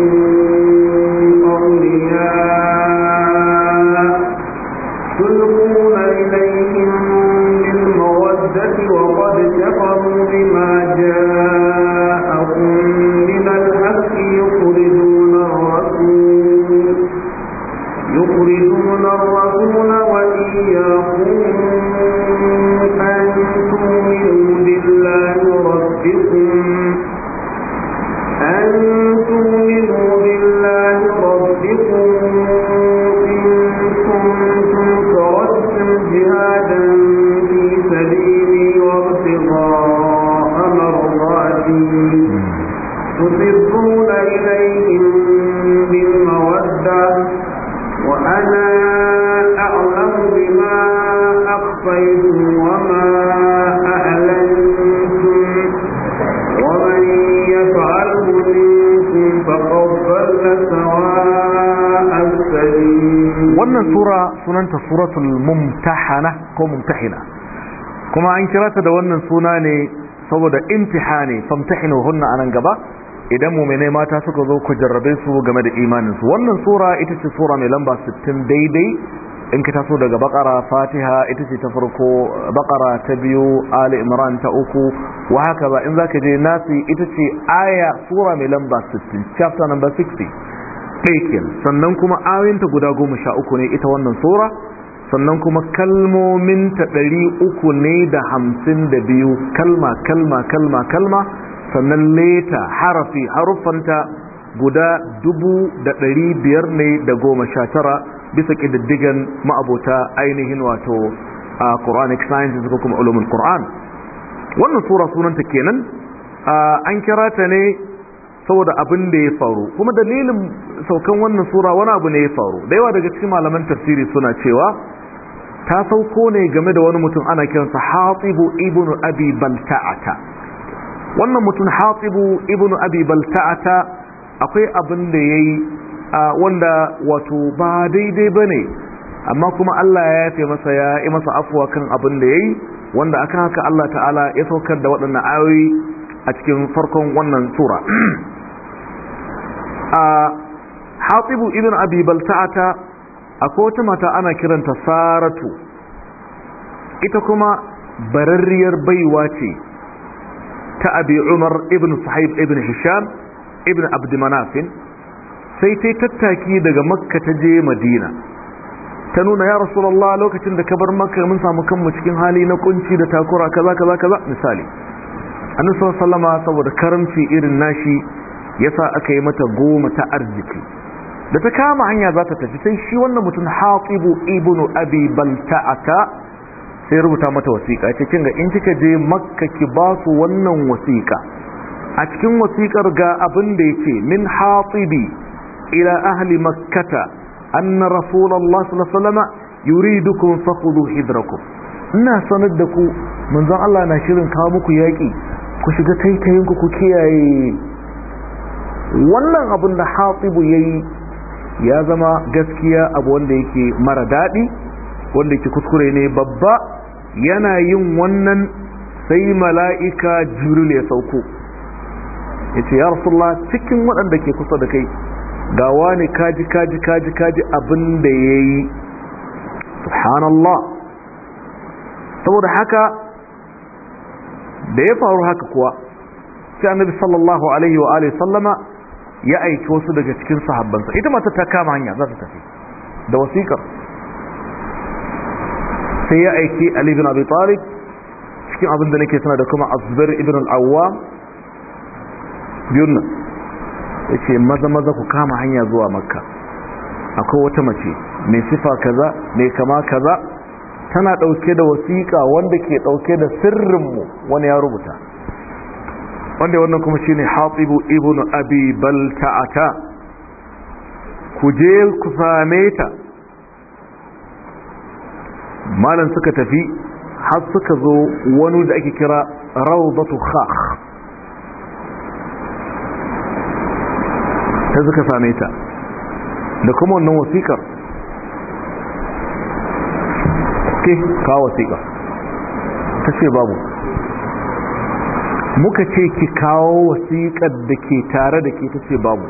wannan sura sunanta suratul mumtahana ko mumtahina kuma an kira ta da wannan suna ne saboda imtihani famtahinu hunna anan gaba idan mu'minai mata suka zo ku jarrabe su game da imanin su wannan sura ita ce sura mai lamba 60 daidai in ka taso daga baqara fatiha ita ce ta farko bakara ta biyu ali imran ta uku wa haka ba in zaka je nasi ita ce aya sura mai lamba 60 chapter number 60 ɗaya sannan kuma ayinta guda goma sha uku ne ita wannan sura sannan kuma kalmominta ɗari uku ne da hamsin da biyu kalma kalma kalma kalma sannan leta harafi harufanta guda dubu da ɗari biyar ne da goma sha tara bisa ƙididdigan ma'abota ainihin wato a ƙoranic sciences ko kuma ulumin ƙoran wannan sura sunanta kenan an kira ta ne saboda abin da ya faru kuma dalilin saukan wannan sura wani abu ne ya faru da yawa daga cikin malaman tafsiri suna cewa ta sauko ne game da wani mutum ana kiransa hatibu ibn abi balta'ata wannan mutum hatibu ibn abi balta'ata akwai abin da yayi wanda wato ba daidai bane amma kuma Allah ya yafe masa ya yi masa afuwa kan abin da yayi wanda akan haka Allah ta'ala ya saukar da waɗannan ayoyi a cikin farkon wannan sura a hatibu ibn ta, a ko wata mata ana kiranta saratu ita kuma bararriyar baiwa ce ta abi umar ibn sahib ibn hisham ibn abdumanafin sai ta yi tattaki daga makka ta je madina ta nuna ya rasulallah lokacin da ka bar makka mun samu kanmu cikin hali na kunci da takura kaza kaza kaza misali annisar sallama saboda karamci irin nashi yasa aka yi mata goma ta arziki da ta kama hanya za ta tafi sai shi wannan mutum haƙibu ibnu abi balta'ata sai rubuta mata wasiƙa ya ce kinga in kika je makka ki ba su wannan wasiƙa a cikin wasiƙar ga abin da ce min haƙibi ila ahli makkata anna rasulullahi sallallahu alaihi wasallam yuridukum fakhudhu hidrakum ina sanar da ku manzon Allah na shirin kawo muku yaƙi ku shiga taitayin ku kiyaye wannan abin da hatibu ya yi ya zama gaskiya abu wanda yake mara daɗi wanda yake kuskure ne babba yana yin wannan sai mala'ika jibril ya sauko ya ce ya rasulullah cikin waɗanda ke kusa da kai ga wani kaji kaji kaji kaji abin da ya yi subhanallah saboda haka da ya faru haka kuwa sai annabi sallallahu alaihi wa alaihi sallama ya aiki wasu daga cikin sahabbansa ita mata ta kama hanya za ta tafi da wasiƙar sai ya aiki Ali bin Abi Talib cikin abin da nake tana da kuma Azbar ibn al-Awwam biyun ya ce maza maza ku kama hanya zuwa makka akwai wata mace mai sifa kaza mai kama kaza tana ɗauke da wasiƙa wanda ke ɗauke da sirrinmu wani ya rubuta wanda wannan kuma shine hatibu ibn abi balta'ata ku je ku same ta malan suka tafi har suka zo wani da ake kira rawdatu khakh ta suka same ta da kuma wannan wasikar ke kawo wasikar ta ce babu muka ce ki kawo wasiƙar da ke tare da ke ta babu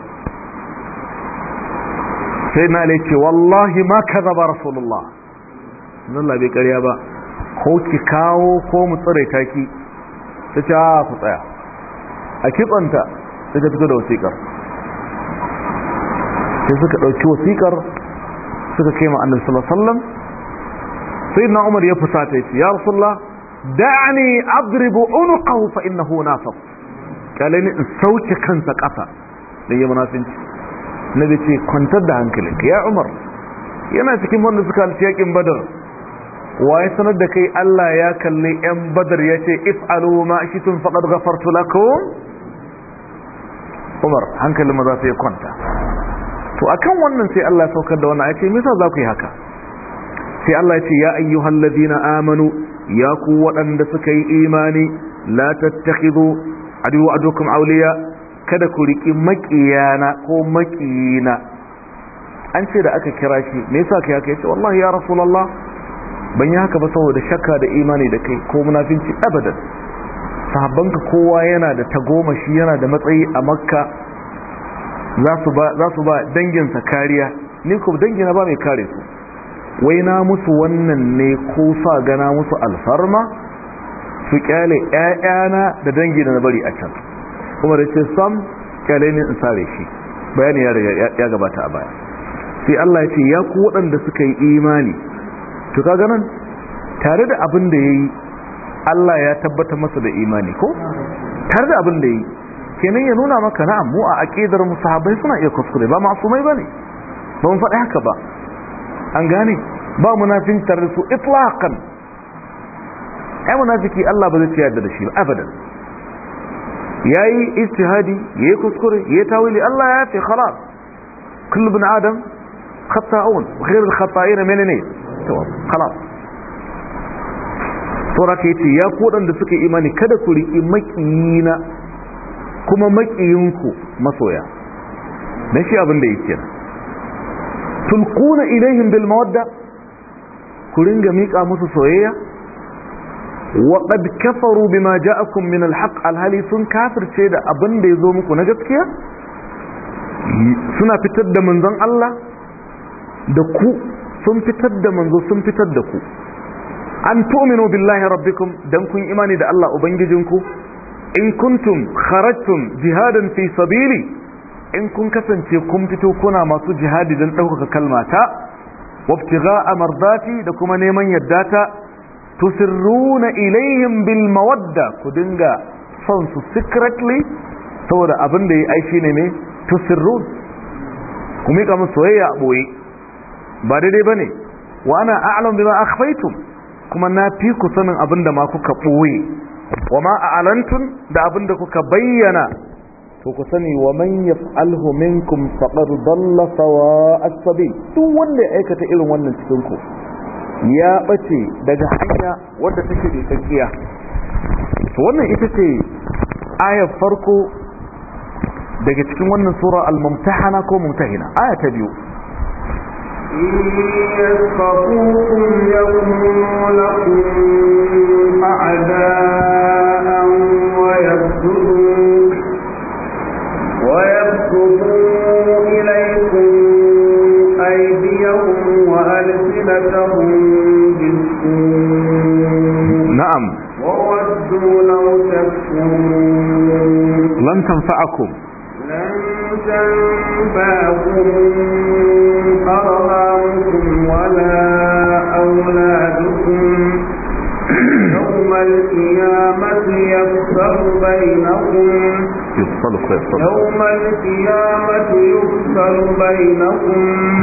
sai na lai ce wallahi ma ka zaba rasulullah nan labe karya ba ko ki kawo ko mu tsare taki ta ce a ah, ku tsaya a kitsanta ta ta fito da wasiƙar sai suka ɗauki wasiƙar suka kai ma sallallahu sai na umar ya fusata ya ce ya rasulullah da'ani adribu unuqahu fa innahu nafas kale ni in sauke kansa kasa da yi munafinci nabi ce kwantar da hankalinka ya umar yana cikin wanda suka halci yakin badar waye sanar da kai Allah ya kalli yan badar ya ce if'alu ma shi'tum faqad ghafartu lakum umar hankalin maza sai kwanta to akan wannan sai Allah ya saukar da wannan ya ce me yasa za ku yi haka sai Allah ya ce ya ayyuhal ladina amanu ya ku waɗanda suka yi imani la tattakhidhu adu adukum awliya kada ku riki maƙiyana ko maƙiyina an ce da aka kira shi me yasa kai aka ce wallahi ya rasulullah ban yi haka ba saboda shakka da imani da kai ko munafinci abadan sahabbanka kowa yana da tagomashi yana da matsayi a makka za su ba danginsa kariya ni ko dangina ba mai kare su wai na musu wannan ne ko sa gana musu alfarma su kyale ƴaƴana da dangi da na bari a can kuma da ce sam kyale ne in sare shi bayani ya ya gabata a baya sai Allah ya ce ya ku waɗanda suka yi imani to kaga nan tare da abin da yayi Allah ya tabbata masa da imani ko tare da abin da yayi kenan ya nuna maka na? mu a aqidar musahabai suna iya kuskure ba masumai bane ba mun faɗi haka ba an gane ba munafin tarisu itlaqan ai munafiki Allah ba zai ci yarda da shi abadan yayi ijtihadi yayi kuskure yayi tawili Allah ya ce khalas kullu bin adam khata'un ghayr al-khata'in menene to khalas sura ta yace ya ku dan da suka imani kada ku riki makiyina kuma makiyinku masoya ne shi abin da yake tulquna ilaihim bil mawadda ku ringa miƙa musu soyayya waɗad kafaru bima ja'akum min alhaq alhali sun kafirce da abin da ya zo muku na gaskiya suna fitar da manzon Allah da ku sun fitar da manzo sun fitar da ku an tu'minu billahi rabbikum dan kun imani da Allah ubangijinku in kuntum kharajtum jihadan fi sabili in kun kasance kun fito kuna masu jihadi don ɗaukaka kalmata وابتغاء مرضاتي دكما نيمن يداتا تسرون إليهم بالمودة كدنغا صنص secretly saboda abin da ya ai shine ne tusirrun kuma yi kamar soyayya a ɓoye ba daidai ba ne wa ana a'alam bima akhfaytum kuma na fi ku sanin abin da ma kuka ɓoye wa ma a'alantun da abin da kuka bayyana to ku sani wa man yaf'alhu minkum faqad dalla sawa as-sabi duk wanda ya aikata irin wannan cikin ku ya bace daga hanya wadda take da tsakiya to wannan ita ce ayar farko daga cikin wannan sura al-mumtahana ko mumtahina aya ta biyu إن يسقطوكم يقولون تنفعكم لن تنفعكم أرهامكم ولا أولادكم يوم القيامة يكفر بينكم يوم القيامة يكفر بينكم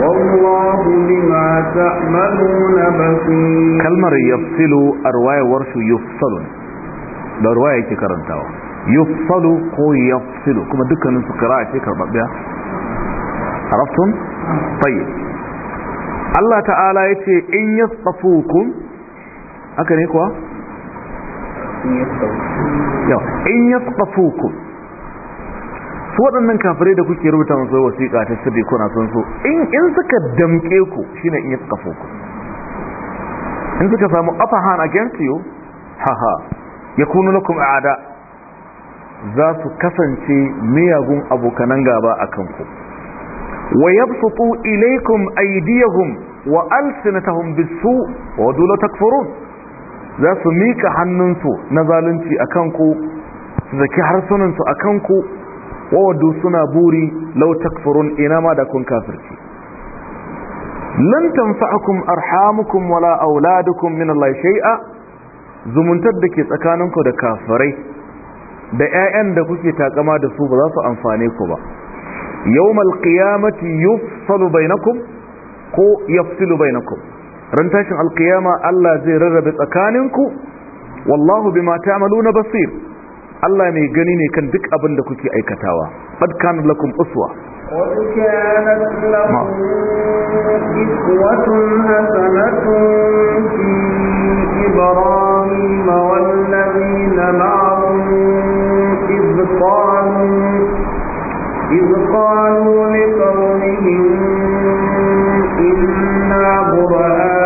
والله بما تعملون بصير كلمة يفصل أرواية ورش يفصل da ruwa yufsalu ko yafsilu kuma dukkanin su kira ce karbabbiya arabtum tayyib Allah ta'ala yace in yastafukum haka ne kuwa in yastafukum su waɗannan kafirai da kuke rubuta masu wasiƙa ta sirri kuna son so in in suka damke ku shine in yastafukum in suka samu upper hand against you haha yakunu lakum a'da za su kasance miyagun abokanan gaba a kanku wa yabsutu ilaykum aydiyahum wa alsinatahum bisu wa dula takfurun za su mika hannunsu na zalunci a kanku su zaki harsunansu a kanku wa wadu suna buri lau takfurun ina ma da kun kafirci lan tanfa'akum arhamukum wala auladukum min Allah shay'a zumuntar da ke tsakaninku da kafirai da 'ya'yan da kuke takama da su ba za su amfane ku ba yawmal qiyamati yufsalu bainakum ko yafsilu bainakum ran tashin alkiyama Allah zai rarrabe tsakaninku wallahu bima ta'maluna basir Allah mai gani ne kan duk abin da kuke aikatawa qad kana lakum uswa قد كانت لكم إسوة حسنة في إبراهيم والذين معه طالوت إذ قالوا لقومهم إنا براء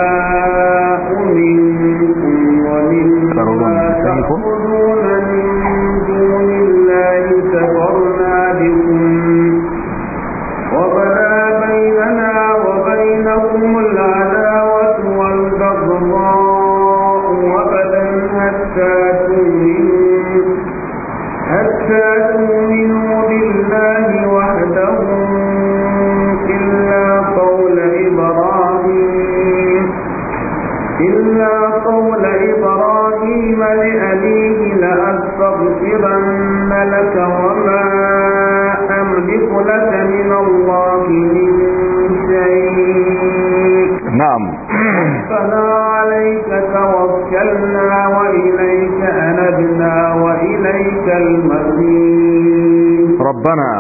ربنا عَلَيْكَ تَوَكَّلْنَا وَإِلَيْكَ أَنَبْنَا وَإِلَيْكَ الْمَصِيرُ رَبَّنَا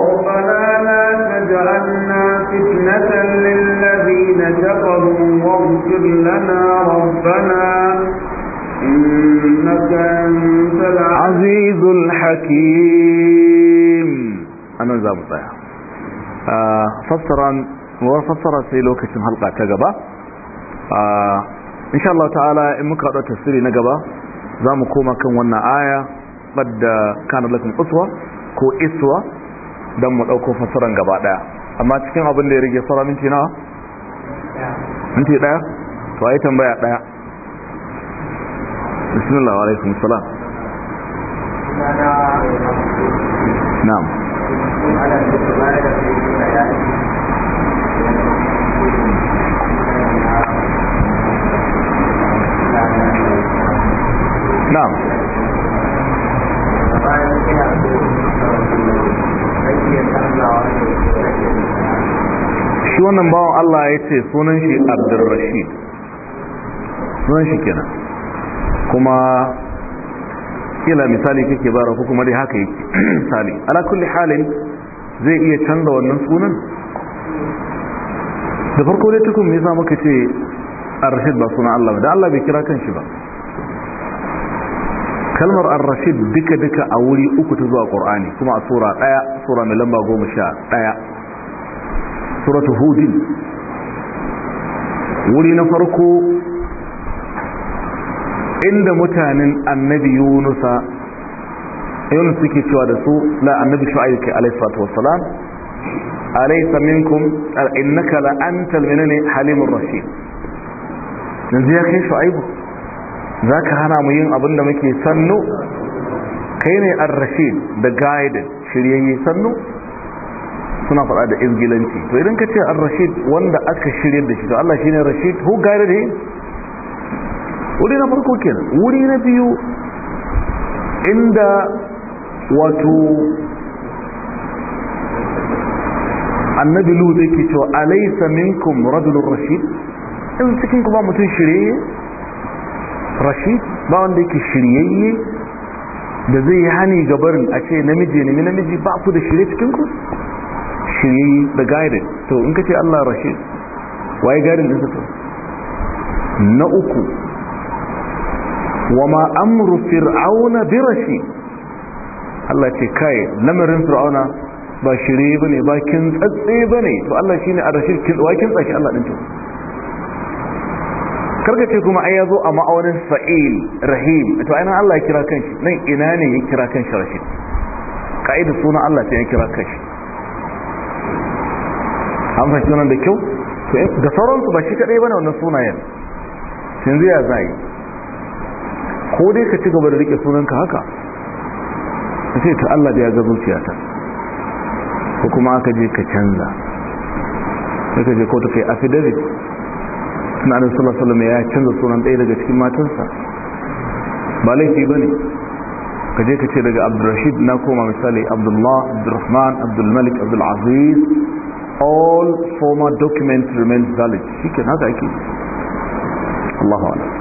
ربنا لا تجعلنا فتنة للذين كفروا واغفر لنا ربنا إنك أنت العزيز الحكيم أنا زابطة آه فسرا وفسرت في لوكة حلقة كذا insha Allah ta'ala in muka haɗa tafsiri na gaba za mu koma kan wannan aya ɓadda kanar lakin uswa ko iswa don mu ɗauko fassaran gaba ɗaya amma cikin abin da ya rage sara minti nawa minti ɗaya to a yi tambaya ɗaya bismillah wa alaikum salam na'am na'am shi wannan bawan Allah ya ce sunan shi abdurrashid sunan shi kenan kuma kila misali kake bara ko kuma dai haka yake misali ala kulli halin zai iya canza wannan sunan da farko dai tukun me yasa muka ce arshid ba sunan Allah ba da Allah bai kira shi ba kalmar ar-rashid duka duka a wuri uku ta zuwa qur'ani kuma a sura daya sura mai lamba 11 suratu hud wuri na farko inda mutanen annabi yunus yunus suke cewa da su la annabi shu'aib kai alayhi salatu wassalam alaysa minkum innaka la antal minani halimur rashid yanzu ya kai shu'aibu za ka hana mu yin abin da muke sannu kai ne ar-rashid da guided shiryayye sannu suna faɗa da izgilanci to idan ka ce ar-rashid wanda aka shirya da shi to Allah shine rashid who guided him wuri na farko kenan wuri na biyu inda wato annabi Lu zai ke cewa alaysa minkum rajulur rashid in cikin kuma ba mutum shirye rashid ba wanda yake shiryayye da zai yi hani ga barin a ce namiji nemi namiji ba ku da shirye cikin ku shiryayye da gairin to in ka ce Allah rashid ya gairin din to na uku wa ma amru fir'auna bi rashid Allah ce kai lamarin fir'auna ba shirye bane ba kin tsatse bane to Allah shine a rashid kin wa tsaki Allah din to karka ce kuma ai yazo a ma'aunin fa'il rahim to ainihin Allah ya kira kanshi nan ina ne ya kira kanshi rashid ka'idar suna Allah sai ya kira kanshi an fahimci nan da kyau eh, da sauransu ba shi kadai bane wannan sunayen yanzu ya zai ko dai ka ci gaba da rike sunanka haka ka ce ta Allah da ya ga ta, ko kuma aka je ka canza sai ka je ko ta kai affidavit suna da sallallahu alaihi wasallam ya canza sunan ɗaya daga cikin matansa ba laifi bane ka je ka ce daga abdurrashid na koma misali abdullah abdurrahman abdulmalik abdulaziz all former documents remain valid shike haka ake Allahu akbar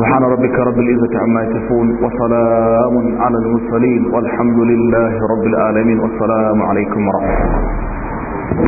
سبحان ربك رب العزة عما يصفون وسلام على المرسلين والحمد لله رب العالمين والسلام عليكم ورحمة الله